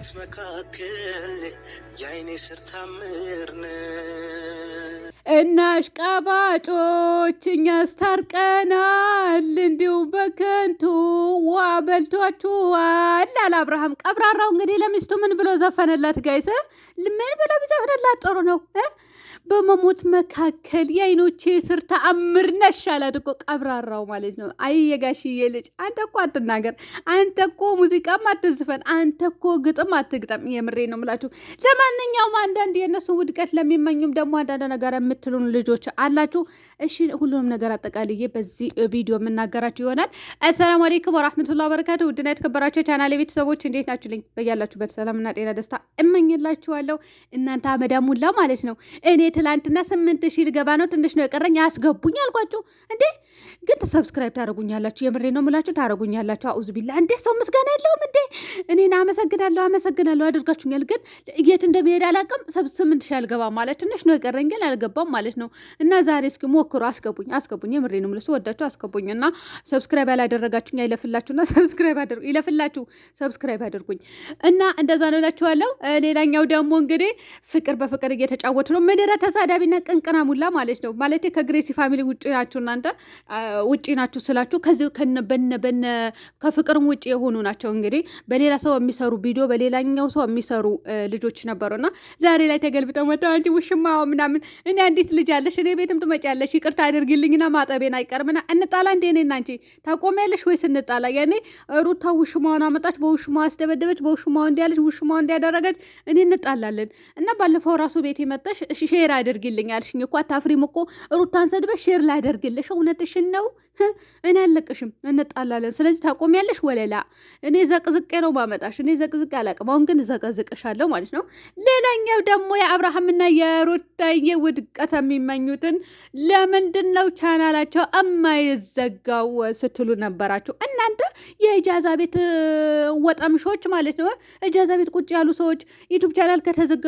በሞት መካከል የአይኔ ስር ታምር ነው። እና አሽቃባጮች እኛ አስታርቀናል፣ እንዲሁም በከንቱ ዋ በልቷችኋል አለ አብርሃም። ቀብራራው እንግዲህ ለሚስቱ ምን ብሎ ዘፈነላት? ጋይስ ምን ብሎ ቢዘፈነላት ጥሩ ነው? በመሞት መካከል የአይኖቼ ስር ተአምር ነሽ አላት እኮ ቀብራራው ማለት ነው። አይ የጋሽዬ ልጅ አንተ እኮ አትናገር፣ አንተ እኮ ሙዚቃም አትዝፈን፣ አንተ እኮ ግጥም አትግጠም። የምሬ ነው ምላችሁ። ለማንኛውም አንዳንድ የእነሱን ውድቀት ለሚመኙም ደግሞ አንዳንድ ነገር የምት የምትሉን ልጆች አላችሁ። እሺ ሁሉንም ነገር አጠቃልዬ በዚህ ቪዲዮ የምናገራችሁ ይሆናል። አሰላሙ አሌይኩም ወራህመቱላ ወበረካቱ። ውድና የተከበራቸው ቻናል ቤተሰቦች እንዴት ናችሁ? ልኝ በያላችሁበት ሰላምና ጤና ደስታ እመኝላችኋለሁ። እናንተ አመዳ ሙላ ማለት ነው። እኔ ትላንትና ስምንት ሺህ ልገባ ነው ትንሽ ነው የቀረኝ አስገቡኝ አልኳችሁ እንዴ። ግን ሰብስክራይብ ታደረጉኛላችሁ። የምሬ ነው ምላችሁ ታደረጉኛላችሁ። አውዙ ቢላ እንዴ ሰው ምስጋና የለውም እንዴ። እኔን አመሰግናለሁ አመሰግናለሁ አድርጋችሁኛል። ግን የት እንደሚሄድ አላውቅም። ስምንት ሺህ አልገባ ማለት ትንሽ ነው የቀረኝ ግን አልገባ አልገባም ማለት ነው። እና ዛሬ እስኪ ሞክሩ፣ አስገቡኝ፣ አስገቡኝ። የምሬ ነው የምልህ ወዳችሁ አስገቡኝ። እና ሰብስክራይብ ያላደረጋችሁኝ አይለፍላችሁና ሰብስክራይብ አድርጉ፣ ይለፍላችሁ፣ ሰብስክራይብ አድርጉኝ። እና እንደዛ ነው እላችኋለሁ። ሌላኛው ደግሞ እንግዲህ ፍቅር በፍቅር እየተጫወቱ ነው። ምድረ ተሳዳቢና ቅንቅና ሙላ ማለት ነው። ማለት ከግሬሲ ፋሚሊ ውጭ ናችሁ እናንተ ውጭ ናችሁ ስላችሁ ከዚህ በነ በነ ከፍቅርም ውጭ የሆኑ ናቸው እንግዲህ በሌላ ሰው የሚሰሩ ቪዲዮ በሌላኛው ሰው የሚሰሩ ልጆች ነበሩና ዛሬ ላይ ተገልብጠው መጣ አንቺ ውሽማ ምናምን እኔ አንዲት ልጅ አለሽ፣ እኔ ቤትም ትመጫለሽ። ይቅርታ አድርጊልኝና ማጠቤን አይቀርምና እንጣላ እንዴ እኔና አንቺ ታቆሚያለሽ ወይስ እንጣላ? ያኔ ሩታ ውሽማዋን አመጣች፣ በውሽማዋ አስደበደበች፣ በውሽማዋ እንዲያለች፣ ውሽማዋ እንዲያደረገች፣ እኔ እንጣላለን እና ባለፈው ራሱ ቤት የመጣሽ ሼር አድርጊልኝ አልሽኝ እኮ አታፍሪም እኮ ሩታን ሰድበሽ ሼር ላደርግልሽ እውነትሽን ነው እኔ አለቅሽም፣ እንጣላለን። ስለዚህ ታቆሚያለሽ። ወለላ እኔ ዘቅዝቄ ነው ባመጣሽ። እኔ ዘቅዝቄ አላቅም፣ አሁን ግን ዘቀዝቅሻለሁ ማለት ነው። ሌላኛው ደግሞ የአብርሃምና የሩታዬ ውድቀት የሚመኙትን ለምንድን ነው ቻናላቸው የማይዘጋው ስትሉ ነበራችሁ እናንተ የእጃዛ ቤት ወጠምሾች ማለት ነው። እጃዛ ቤት ቁጭ ያሉ ሰዎች ዩቱብ ቻናል ከተዘጋ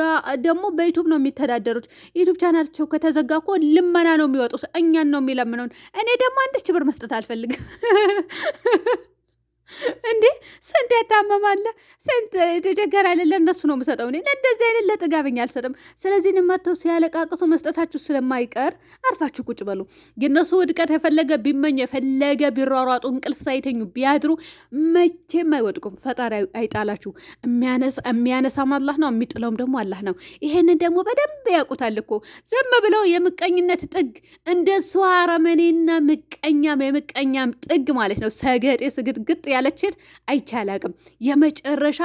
ደግሞ በዩቱብ ነው የሚተዳደሩት። ዩቱብ ቻናላቸው ከተዘጋ እኮ ልመና ነው የሚወጡት፣ እኛን ነው የሚለምነውን። እኔ ደግሞ አንድ ችብር ብር መስጠት አልፈልግም። እንዴ ስንት ያታመማለ ስንት የተቸገረ አይደለ? ለእነሱ ነው የምሰጠው እኔ ለእንደዚህ አይነት ለጥጋበኛ አልሰጥም። ስለዚህ መጥተው ሲያለቃቅሱ መስጠታችሁ ስለማይቀር አርፋችሁ ቁጭ በሉ። የእነሱ ውድቀት የፈለገ ቢመኙ የፈለገ ቢሯሯጡ እንቅልፍ ሳይተኙ ቢያድሩ መቼም አይወድቁም። ፈጣሪ አይጣላችሁ። የሚያነሳም አላህ ነው፣ የሚጥለውም ደግሞ አላህ ነው። ይሄንን ደግሞ በደንብ ያውቁታል እኮ ዝም ብለው የምቀኝነት ጥግ እንደ ሷ አረመኔና ምቀኛም የምቀኛም ጥግ ማለት ነው። ሰገጤ ስግጥግጥ ያለ እንደሰራችን አይቻላቅም። የመጨረሻ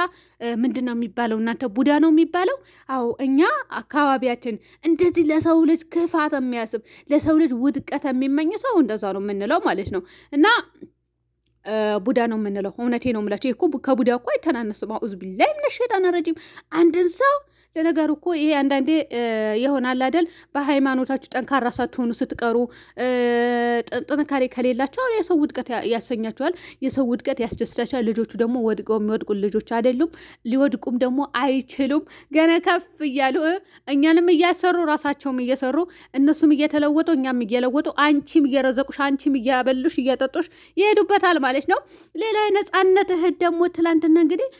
ምንድን ነው የሚባለው? እናንተ ቡዳ ነው የሚባለው? አዎ እኛ አካባቢያችን እንደዚህ ለሰው ልጅ ክፋት የሚያስብ ለሰው ልጅ ውድቀት የሚመኝ ሰው እንደዛ ነው የምንለው ማለት ነው እና ቡዳ ነው የምንለው። እውነቴ ነው የምላቸው። ይህ ከቡዳ እኮ አይተናነስም። አዑዝ ቢላሂ ሚነ ሸይጣን ረጂም አንድን ሰው ለነገሩ እኮ ይሄ አንዳንዴ ይሆናል አይደል? በሃይማኖታችሁ ጠንካራ ሳትሆኑ ስትቀሩ ጥንካሬ ከሌላቸው የሰው ውድቀት ያሰኛቸዋል። የሰው ውድቀት ያስደስታቸዋል። ልጆቹ ደግሞ ወድቀው የሚወድቁ ልጆች አይደሉም። ሊወድቁም ደግሞ አይችሉም። ገና ከፍ እያሉ እኛንም እያሰሩ ራሳቸውም እየሰሩ እነሱም እየተለወጡ እኛም እየለወጡ አንቺም እየረዘቁሽ አንቺም እያበሉሽ እያጠጡሽ ይሄዱበታል ማለት ነው። ሌላ የነፃነት እህት ደግሞ ትላንትና እንግዲህ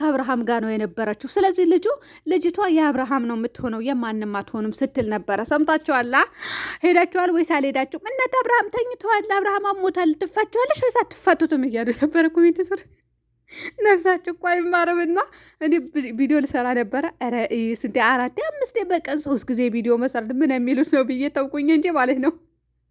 ከአብርሃም ጋር ነው የነበረችው። ስለዚህ ልጁ ልጅቷ የአብርሃም ነው የምትሆነው የማንም አትሆንም ስትል ነበረ። ሰምታችኋላ? ሄዳችኋል ወይስ አልሄዳችሁም? እናት አብርሃም ተኝተዋል፣ አብርሃም አሞታል፣ ትፋችኋለሽ ወይስ አትፋቱትም እያሉ ነበረ ኮሜንት ስር ነፍሳችሁ እኮ አይማርምና እኔ ቪዲዮ ልሰራ ነበረ። ኧረ ስንቴ አራቴ አምስቴ በቀን ሶስት ጊዜ ቪዲዮ መሰረት ምን የሚሉት ነው ብዬ ተውኩኝ እንጂ ማለት ነው።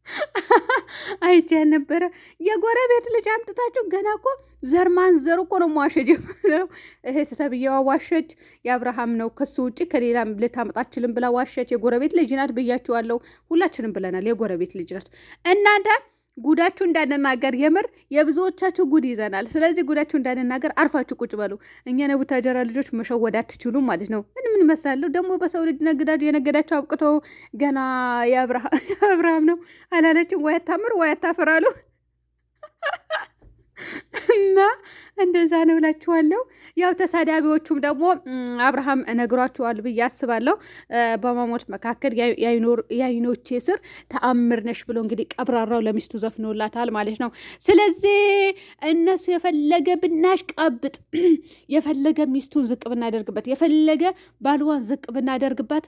አይቼ ያልነበረ የጎረቤት ልጅ አምጥታችሁ ገና እኮ ዘር ማንዘሩ እኮ ነው መዋሸት የጀመረው። እህት ተብዬዋ ዋሸች። የአብርሃም ነው ከሱ ውጭ ከሌላም ልታመጣችልም ብላ ዋሸች። የጎረቤት ልጅ ናት ብያችኋለሁ። ሁላችንም ብለናል። የጎረቤት ልጅ ናት እናንተ ጉዳችሁ እንዳንናገር የምር የብዙዎቻችሁ ጉድ ይዘናል። ስለዚህ ጉዳችሁ እንዳንናገር አርፋችሁ ቁጭ በሉ። እኛን የቡታጀራ ልጆች መሸወድ አትችሉም ማለት ነው። ምን ምን መስላለሁ ደግሞ በሰው ልጅ ነግዳ የነገዳቸው አብቅቶ ገና የአብርሃም ነው አላለችም ወይ አታምር ወይ አታፍራሉ እና እንደዛ ነው እላችኋለሁ። ያው ተሳዳቢዎቹም ደግሞ አብርሃም ነግሯችኋል ብዬ አስባለሁ። በማሞት መካከል የአይኖቼ ስር ተአምር ነሽ ብሎ እንግዲህ ቀብራራው ለሚስቱ ዘፍኖላታል ማለት ነው። ስለዚህ እነሱ የፈለገ ብናሽ ቀብጥ የፈለገ ሚስቱን ዝቅ ብናደርግበት የፈለገ ባልዋን ዝቅ ብናደርግባት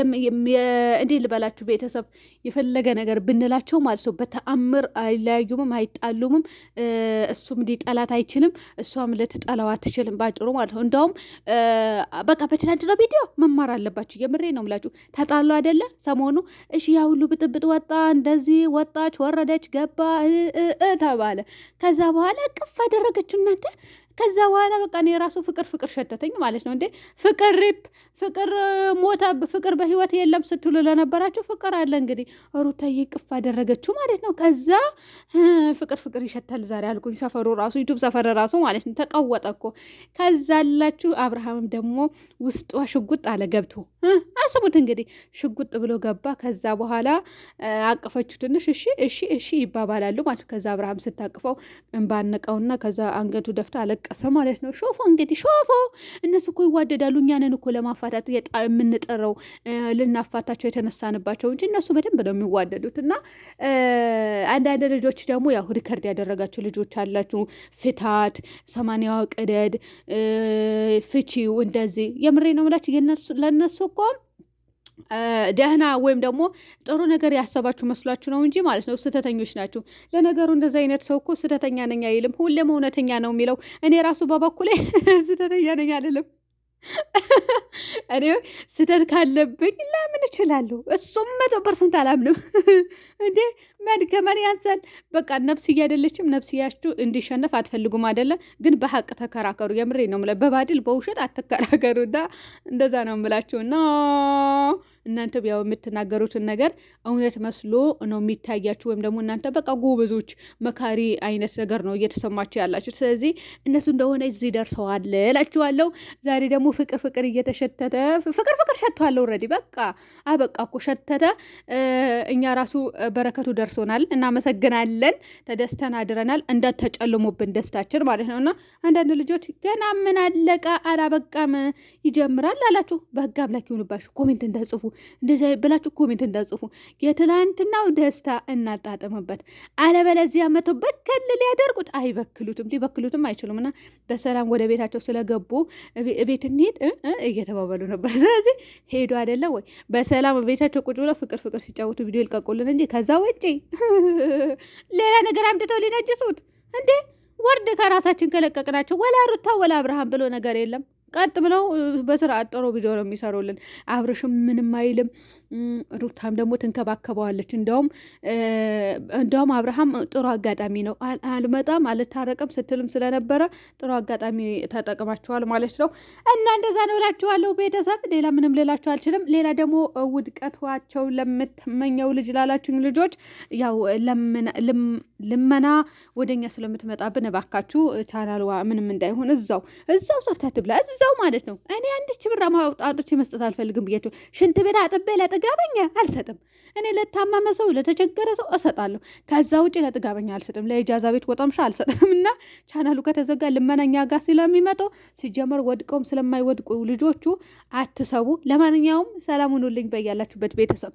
እንዴ ልበላችሁ ቤተሰብ የፈለገ ነገር ብንላቸው ማለት ነው በተአምር አይለያዩምም አይጣሉምም። እሱም ሊጠላት አይችልም፣ እሷም ልትጠላው አትችልም። ባጭሩ ማለት ነው። እንደውም በቃ በትናንትናው ቪዲዮ መማር አለባችሁ። የምሬ ነው የምላችሁ። ተጣሉ አይደለ ሰሞኑ። እሺ ያ ሁሉ ብጥብጥ ወጣ፣ እንደዚህ ወጣች፣ ወረደች፣ ገባ ተባለ። ከዛ በኋላ ቅፍ አደረገችው እናንተ ከዛ በኋላ በቃ እኔ የራሱ ፍቅር ፍቅር ሸተተኝ ማለት ነው እንዴ ፍቅር ሪፕ ፍቅር ሞታ ፍቅር በህይወት የለም ስትሉ ለነበራችሁ ፍቅር አለ እንግዲህ ሩታዬ ቅፍ አደረገችው ማለት ነው። ከዛ ፍቅር ፍቅር ይሸታል ዛሬ አልኩኝ። ሰፈሩ ራሱ ዩቱብ ሰፈር ራሱ ማለት ነው ተቀወጠ እኮ አላችሁ አብርሃምም ደግሞ ውስጧ ሽጉጥ አለ ገብቶ አስቡት እንግዲህ ሽጉጥ ብሎ ገባ። ከዛ በኋላ አቀፈችው ትንሽ እሺ እሺ እሺ ይባባላሉ ማለት ከዛ አብርሃም ስታቅፈው እንባነቀውና ከዛ አንገቱ ደፍታ አለቀሰ ማለት ነው። ሾፎ እንግዲህ ሾፎ እነሱ እኮ ይዋደዳሉ። እኛንን እኮ ለማፋት ለማፋታት የምንጥረው ልናፋታቸው የተነሳንባቸው እንጂ እነሱ በደንብ ነው የሚዋደዱት። እና አንዳንድ ልጆች ደግሞ ያው ሪከርድ ያደረጋቸው ልጆች አላችሁ። ፍታት፣ ሰማንያዋ ቅደድ፣ ፍቺው እንደዚህ የምሬ ነው የምላችሁ ለእነሱ እኮ ደህና ወይም ደግሞ ጥሩ ነገር ያሰባችሁ መስሏችሁ ነው እንጂ ማለት ነው። ስህተተኞች ናችሁ። ለነገሩ እንደዚ አይነት ሰው እኮ ስህተተኛ ነኝ አይልም፣ ሁሌም እውነተኛ ነው የሚለው። እኔ ራሱ በበኩሌ ስህተተኛ ነኝ አልልም። እኔ ስህተት ካለብኝ ላምን እችላለሁ። እሱም መቶ ፐርሰንት አላምንም። እንዴ መድገመን ያንሳል። በቃ ነፍስዬ አይደለችም። ነፍስያችሁ እንዲሸነፍ አትፈልጉም አይደለ? ግን በሀቅ ተከራከሩ። የምሬ ነው የምለው። በባድል በውሸት አትከራከሩና እንደዛ ነው ምላችሁ እና እናንተ ያው የምትናገሩትን ነገር እውነት መስሎ ነው የሚታያችሁ፣ ወይም ደግሞ እናንተ በቃ ጎበዞች መካሪ አይነት ነገር ነው እየተሰማችሁ ያላችሁ። ስለዚህ እነሱ እንደሆነ እዚህ ደርሰዋል እላችኋለሁ። ዛሬ ደግሞ ፍቅር ፍቅር እየተሸተተ ፍቅር ፍቅር ሸቷል። ኦልሬዲ በቃ አበቃ እኮ ሸተተ። እኛ ራሱ በረከቱ ደርሶናል። እናመሰግናለን። ተደስተን አድረናል። እንዳተጨልሙብን ደስታችን ማለት ነው። እና አንዳንድ ልጆች ገና ምን አለቀ አላበቃም ይጀምራል አላችሁ። በህግ አምላክ ይሁንባችሁ። ኮሜንት እንዳጽፉ እንደዚያ ብላችሁ ኮሜንት እንዳጽፉ የትላንትናው ደስታ እናጣጥምበት። አለበለዚያ መቶ በከል ሊያደርጉት አይበክሉትም፣ ሊበክሉትም አይችሉም። እና በሰላም ወደ ቤታቸው ስለገቡ ቤት እንሂድ እየተባበሉ ነበር። ስለዚህ ሄዱ አይደለ ወይ? በሰላም ቤታቸው ቁጭ ብለው ፍቅር ፍቅር ሲጫወቱ ቪዲዮ ይልቀቁልን እንጂ ከዛ ውጪ ሌላ ነገር አምጥተው ሊነጅሱት እንዴ? ወርድ ከራሳችን ከለቀቅናቸው ወላ ሩታ ወላ አብርሃም ብሎ ነገር የለም። ቀጥ ብለው በስርዓት ጥሩ ቪዲዮ ነው የሚሰሩልን። አብርሽም ምንም አይልም፣ ሩታም ደግሞ ትንከባከበዋለች። እንደውም እንደውም አብርሃም ጥሩ አጋጣሚ ነው አልመጣም አልታረቅም ስትልም ስለነበረ ጥሩ አጋጣሚ ተጠቅማችኋል ማለት ነው። እና እንደዛ ነው እላችኋለሁ ቤተሰብ። ሌላ ምንም ልላችሁ አልችልም። ሌላ ደግሞ ውድቀቷቸው ለምትመኘው ልጅ ላላችሁኝ ልጆች ያው ልመና ወደኛ ስለምትመጣብን እባካችሁ ቻናልዋ ምንም እንዳይሆን እዛው እዛው ሰርታ ትብላ እዛው ማለት ነው። እኔ አንድች ብር አውጥቼ መስጠት አልፈልግም ብያቸው፣ ሽንት ቤት አጥቤ ለጥጋበኛ አልሰጥም። እኔ ለታመመ ሰው፣ ለተቸገረ ሰው እሰጣለሁ። ከዛ ውጭ ለጥጋበኛ አልሰጥም። ለእጃዛ ቤት ወጠምሻ አልሰጥም። እና ቻናሉ ከተዘጋ ልመናኛ ጋር ስለሚመጡ ሲጀመር ወድቀውም ስለማይወድቁ ልጆቹ አትሰቡ። ለማንኛውም ሰላም ሁኑልኝ በያላችሁበት ቤተሰብ